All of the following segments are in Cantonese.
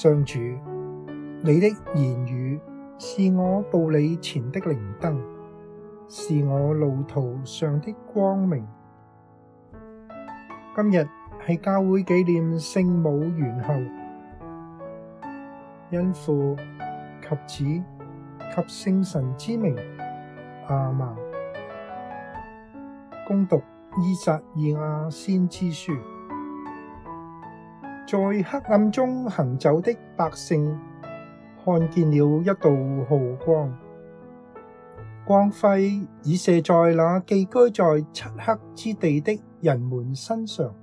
上主，你的言語是我步你前的靈燈，是我路途上的光明。今日係教會紀念聖母元后，因父及子及聖神之名，亞孟，恭讀依撒意亞先知書。在黑暗中行走的百姓，看見了一道皓光，光輝已射在那寄居在漆黑之地的人們身上。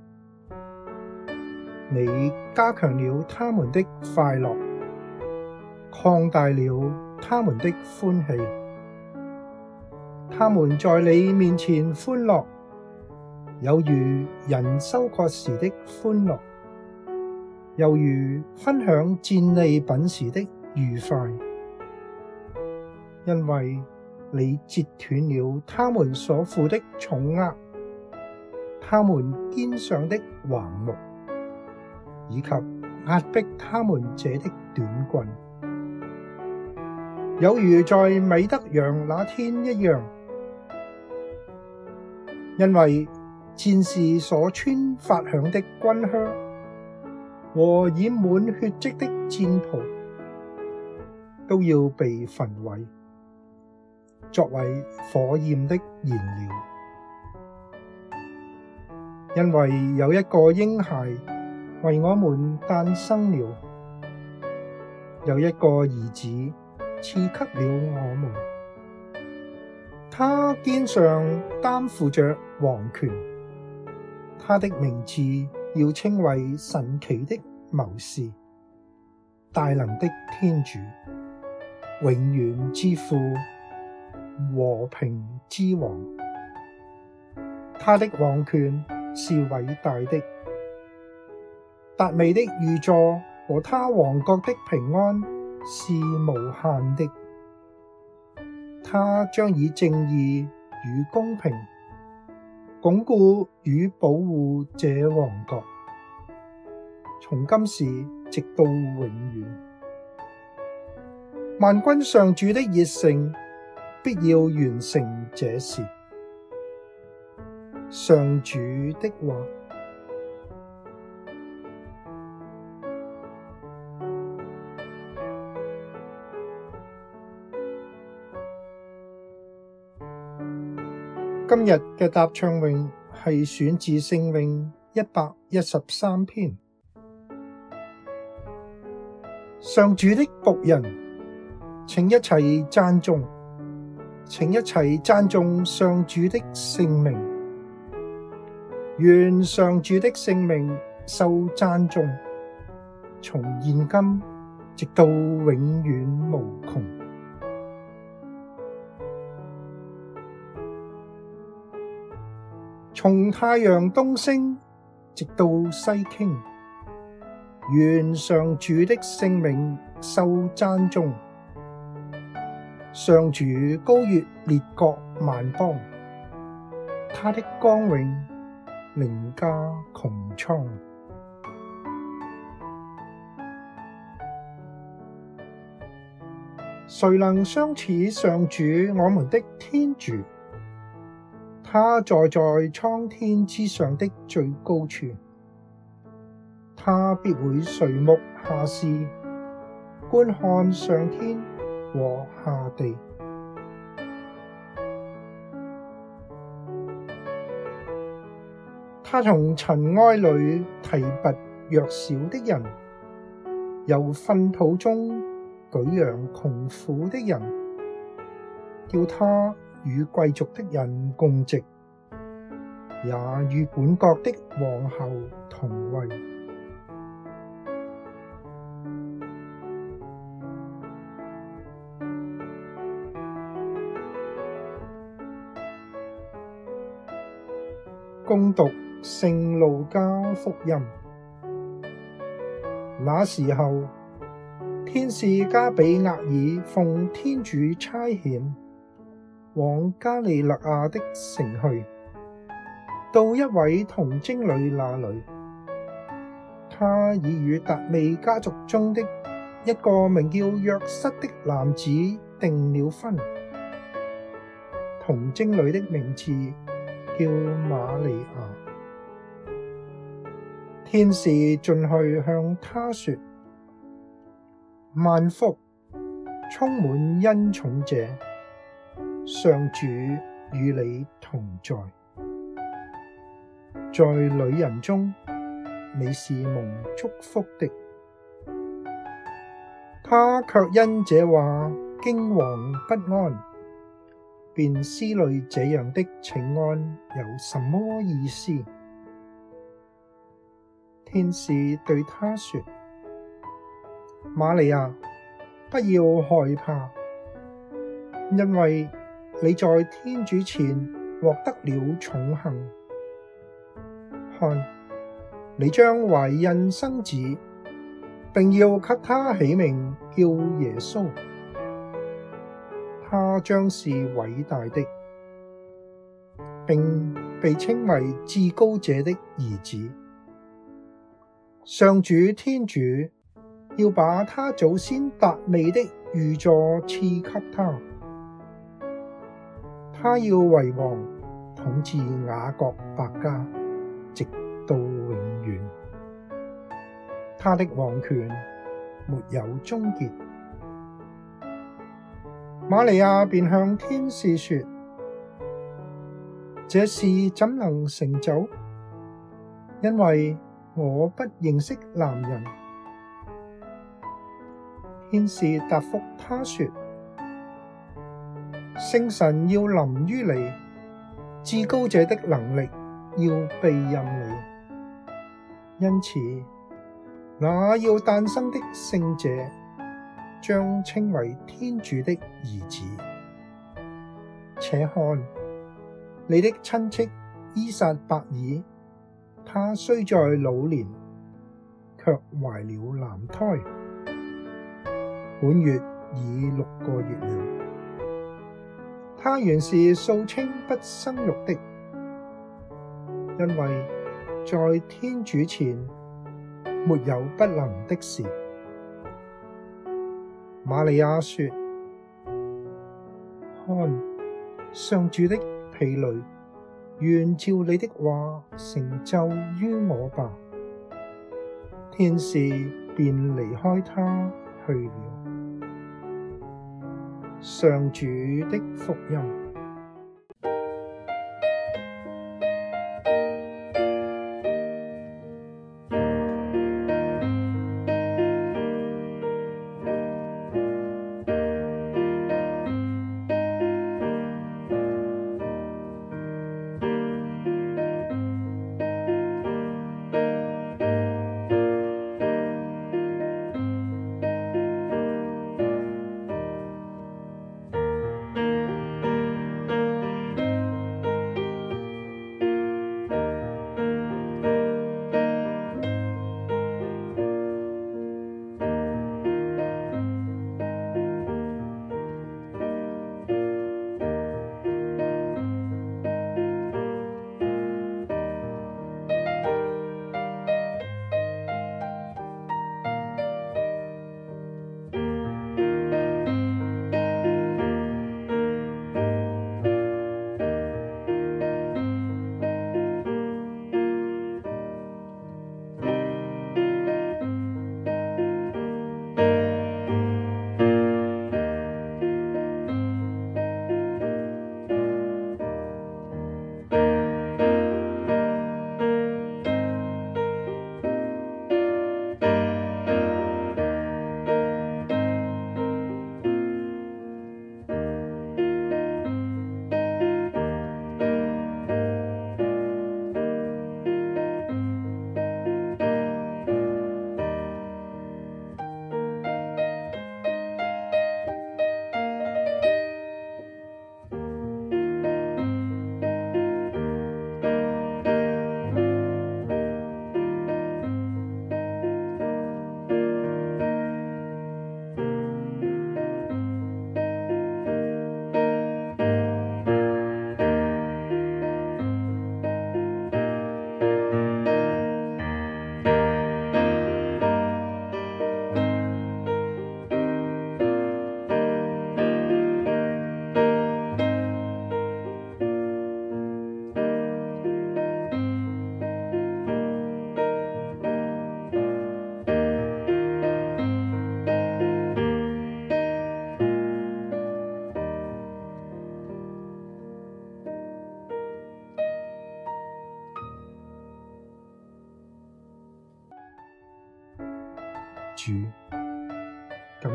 你加強了他們的快樂，擴大了他們的歡喜，他們在你面前歡樂，有如人收割時的歡樂。猶如分享戰利品時的愉快，因為你折斷了他們所負的重軛，他們肩上的橫木，以及壓迫他們者的短棍，有如在米德楊那天一樣，因為戰士所穿發響的軍靴。和染滿血跡的戰袍，都要被焚毀，作為火焰的燃料。因為有一個嬰孩為我們誕生了，有一個兒子賜給了我們。他肩上擔負着王權，他的名字要稱為神奇的謀士，大能的天主，永遠之父，和平之王，他的王權是偉大的，達味的御座和他王國的平安是無限的，他將以正義與公平鞏固與保護這王國。從今時直到永遠，萬軍上主的熱誠必要完成這事。上主的話。今日嘅答唱詠係選自聖詠一百一十三篇。上主的僕人，請一齊讚頌，請一齊讚頌上主的聖名，願上主的聖名受讚頌，從現今直到永遠無窮，從太陽東升直到西傾。願上主的聖名受讚頌！上主高越列國萬邦，他的光榮凌駕穹蒼。誰能相似上主我們的天主？他坐在蒼天之上的最高處。他必會垂目下視，觀看上天和下地。他從塵埃裏提拔弱小的人，由糞土中舉揚窮苦的人，叫他與貴族的人共席，也與本國的王侯同位。恭讀聖路加福音。那時候，天使加俾額爾奉天主差遣，往加里肋亞的城去，到一位童貞女那裏，她已與達味家族中的一個名叫若瑟的男子訂了婚。童貞女的名字，叫瑪利亞，天使進去向他說：萬福，充滿恩寵者，上主與你同在。在女人中，你是蒙祝福的。他卻因這話驚惶不安。便思慮這樣的請安有什麼意思？天使對他說：瑪利亞，不要害怕，因為你在天主前獲得了寵幸，看，你將懷孕生子，並要給他起名叫耶穌。他將是偉大的，並被稱為至高者的兒子。上主天主要把他祖先達味的御座賜給他，他要為王統治雅各伯家，直到永遠。他的王權沒有終結。瑪利亞便向天使說：這事怎能成就？因為我不認識男人。天使答覆他說：聖神要臨於你，至高者的能力要庇蔭你，因此，那要誕生的聖者。將稱為天主的兒子。且看，你的親戚依撒伯爾，她雖在老年，卻懷了男胎，本月已六個月了。她原是素稱不生育的，因為在天主前沒有不能的事。瑪利亞說：看，上主的婢女，願照你的話成就於我吧。天使便離開他去了。上主的福音。